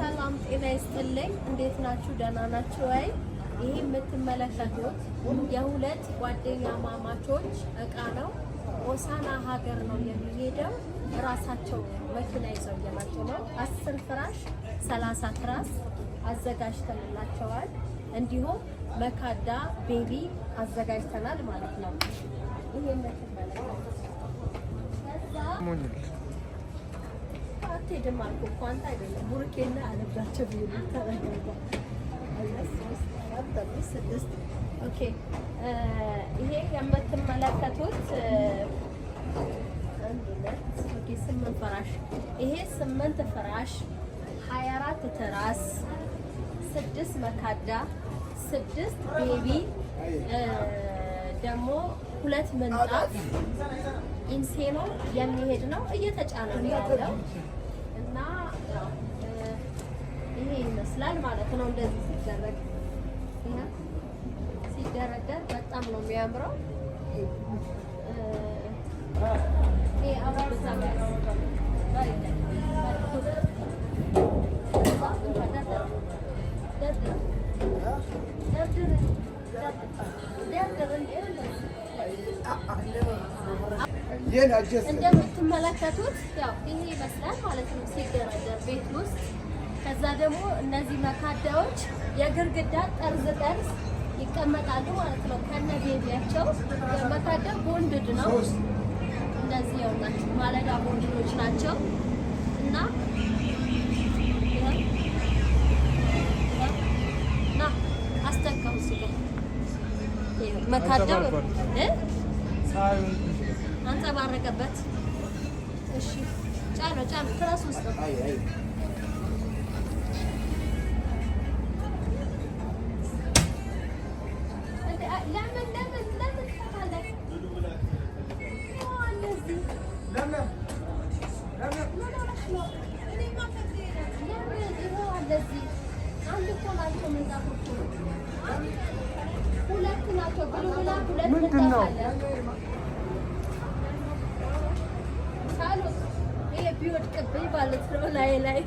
ሰላም ጤና ይስጥልኝ። እንዴት ናችሁ? ደህና ናችሁ ወይ? ይህ የምትመለከቱት የሁለት ጓደኛ ማማቾች እቃ ነው። ኦሳና ሀገር ነው የሚሄደው። ራሳቸው መኪና ይዘው እየመጡ ነው። አስር ፍራሽ፣ ሰላሳ ትራስ አዘጋጅተንላቸዋል። እንዲሁም መካዳ ቤቢ አዘጋጅተናል ማለት ነው። ይህ የምትመለከቱት አትሄድም አልኩህ እኮ አንተ አይደለም ቡርኬና አለብዳቸው ስድስት ይሄ የምትመለከቱት ስምንት ፍራሽ ይሄ ስምንት ፍራሽ ሀያ አራት ትራስ ስድስት መካዳ ስድስት ቤቢ ደግሞ ሁለት ምንጣፍ ኢንሴኖ የሚሄድ ነው እየተጫነ ነው ያለው እና ይሄ ይመስላል ማለት ነው። እንደዚህ ሲደረግ ሲደረደር በጣም ነው የሚያምረው። ይሄ አባ እንደምትመለከቱት ያው ይሄ ይመስላል ማለት ነው ሲደረደር ቤት ውስጥ። ከዛ ደግሞ እነዚህ መካዳዎች የግርግዳ ጠርዝ ጠርዝ ይቀመጣሉ ማለት ነው። ከነ ቤቢያቸው መካዳ ቦንድድ ነው። እንደዚህ ያውናቸው ማለዳ ቦንድዶች ናቸው እና መካዳው አንጸባረቀበት። እሺ፣ ጫነ ጫነ ትራስ ውስጥ ነው። ምንድን ነው? ቢወድቅብኝ ማለት ነው ላይ ላይ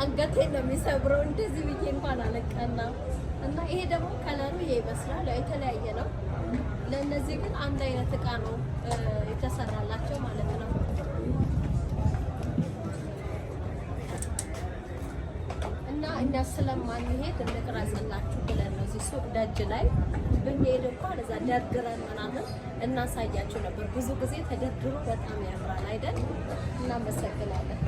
አንገቴ ነው የሚሰብረው። እንደዚህ ብዬ እንኳን አለቀና እና ይሄ ደግሞ ከለሩ ይመስላል። ያው የተለያየ ነው። ለእነዚህ ግን አንድ አይነት እቃ ነው የተሰራላቸው ማለት ነው። እና እኛ ስለማንሄድ እንቅረጽላችሁ ብለን ነው እዚህ ሱቅ ደጅ ላይ በሚሄድ እንኳን እዛ ደርድረን ምናምን እናሳያቸው ነበር። ብዙ ጊዜ ተደርድሮ በጣም ያምራል አይደል? እናመሰግናለን።